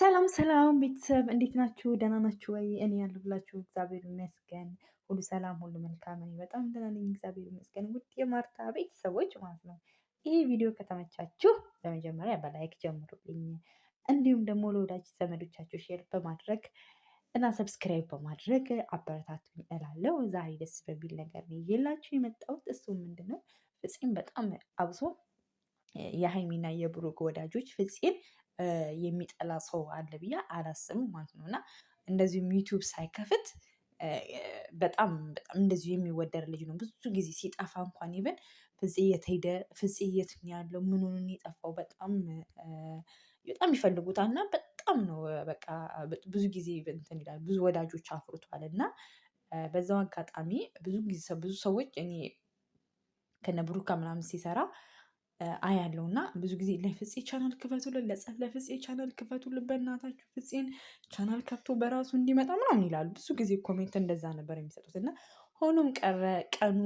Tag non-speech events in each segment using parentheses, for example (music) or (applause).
ሰላም ሰላም ቤተሰብ እንዴት ናችሁ? ደህና ናችሁ ወይ? እኔ ያለሁላችሁ እግዚአብሔር ይመስገን ሁሉ ሰላም፣ ሁሉ መልካም። እኔ በጣም ደህና ነኝ እግዚአብሔር ይመስገን። ውድ የማርታ ቤተሰቦች ማለት ነው ይህ ቪዲዮ ከተመቻችሁ በመጀመሪያ በላይክ ጀምሩልኝ፣ እንዲሁም ደግሞ ለወዳጅ ዘመዶቻችሁ ሼር በማድረግ እና ሰብስክራይብ በማድረግ አበረታቱኝ እላለሁ። ዛሬ ደስ በሚል ነገር ነው ይዤላችሁ የመጣሁት። እሱ ምንድን ነው ፍፄም በጣም አብሶ የሀይሚና የብሩክ ወዳጆች ፍፄን የሚጠላ ሰው አለ ብዬ አላስብም ማለት ነው። እና እንደዚሁም ዩቲዩብ ሳይከፍት በጣም በጣም እንደዚሁ የሚወደድ ልጅ ነው። ብዙ ጊዜ ሲጠፋ እንኳን ይብን ፍጽ የት ሄደ? ፍፄ የት ነው ያለው? ምኑን ሆኖ ነው የጠፋው? በጣም በጣም ይፈልጉታል እና በጣም ነው በቃ ብዙ ጊዜ እንትን ይላል ብዙ ወዳጆች አፍርቷል። እና በዛው አጋጣሚ ብዙ ጊዜ ብዙ ሰዎች እኔ ከነ ብሩካ ምናምን ሲሰራ አያለው እና ብዙ ጊዜ ለፍፄ ቻናል ክፈቱልን፣ ለፍፄ ቻናል ክፈቱልን፣ በእናታችሁ ፍፄን ቻናል ከፍቶ በራሱ እንዲመጣ ምናምን ይላሉ። ብዙ ጊዜ ኮሜንት እንደዛ ነበር የሚሰጡት እና ሆኖም ቀረ። ቀኑ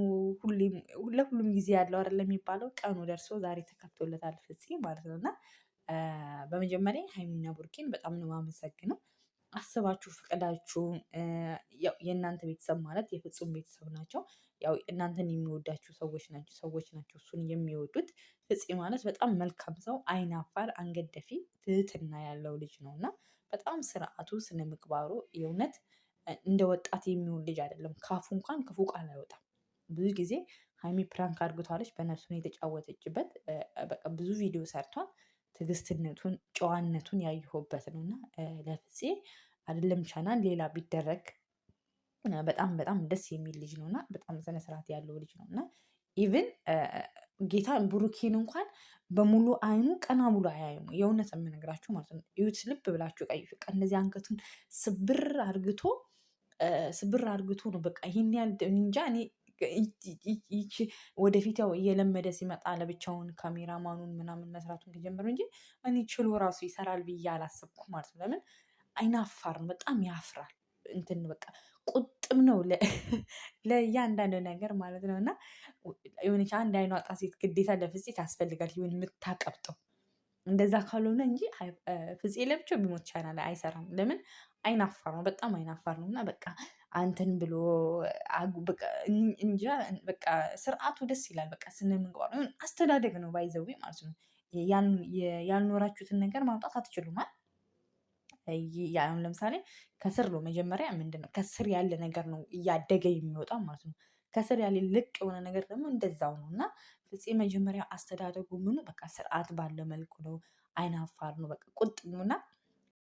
ለሁሉም ጊዜ ያለው አይደለም የሚባለው ቀኑ ደርሶ ዛሬ ተከፍቶለታል ፍፄ ማለት ነው እና በመጀመሪያ ሀይሚና ቡርኪን በጣም ነው የማመሰግነው አስባችሁ ፍቅዳችሁ የእናንተ ቤተሰብ ማለት የፍጹም ቤተሰብ ናቸው። ያው እናንተን የሚወዳችሁ ሰዎች ናቸው ሰዎች ናቸው እሱን የሚወዱት። ፍፄ ማለት በጣም መልካም ሰው፣ አይናፋር፣ አንገት ደፊ፣ ትህትና ያለው ልጅ ነው እና በጣም ስርዓቱ ስነ ምግባሩ የእውነት እንደ ወጣት የሚሆን ልጅ አይደለም። ካፉ እንኳን ክፉ ቃል አይወጣም። ብዙ ጊዜ ሀይሚ ፕራንክ አድርግቷለች በነፍሱ የተጫወተችበት። በቃ ብዙ ቪዲዮ ሰርቷል። ትዕግስትነቱን ጨዋነቱን ያየሁበት ነው እና ለፍፄ አይደለም ቻናል ሌላ ቢደረግ በጣም በጣም ደስ የሚል ልጅ ነው እና በጣም ስነ ስርዓት ያለው ልጅ ነው እና ኢቭን ጌታ ብሩኬን እንኳን በሙሉ አይኑ ቀና ብሎ አያይም። የእውነት የምነግራችሁ ማለት ነው። እዩት፣ ልብ ብላችሁ ቀይ ፍቃ እንደዚህ አንገቱን ስብር አርግቶ ስብር አርግቶ ነው በቃ ይህን ያል እንጃ እኔ ይቺ ወደፊት ያው እየለመደ ሲመጣ ለብቻውን ካሜራማኑን ምናምን መስራቱን ከጀመረ እንጂ እኔ ችሎ ራሱ ይሰራል ብዬ አላሰብኩም ማለት ነው። ለምን አይናፋር በጣም ያፍራል። እንትን በቃ ቁጥብ ነው (laughs) ለእያንዳንዱ ነገር ማለት ነው። እና የሆነች አንድ አይኗ አጣ ሴት ግዴታ ለፍፄ ታስፈልጋል ሆን የምታቀብጠው እንደዛ ካልሆነ እንጂ ፍፄ ለብቻው ቢሞት ቻናል አይሰራም። ለምን አይናፋር ነው፣ በጣም አይናፋር ነው። እና በቃ አንተን ብሎ እንጃ በቃ ስርዓቱ ደስ ይላል። በቃ ስነ ምግባር አስተዳደግ ነው ባይዘዌ ማለት ነው። ያልኖራችሁትን ነገር ማምጣት አትችሉም። አሁን ለምሳሌ ከስር ነው መጀመሪያ ምንድን ነው ከስር ያለ ነገር ነው እያደገ የሚወጣ ማለት ነው። ከስር ያለ ልቅ የሆነ ነገር ደግሞ እንደዛው ነው እና ፍፄ መጀመሪያ አስተዳደጉ ምኑ በቃ ስርዓት ባለው መልኩ ነው። አይናፋር ነው በቃ ቁጥ ነው እና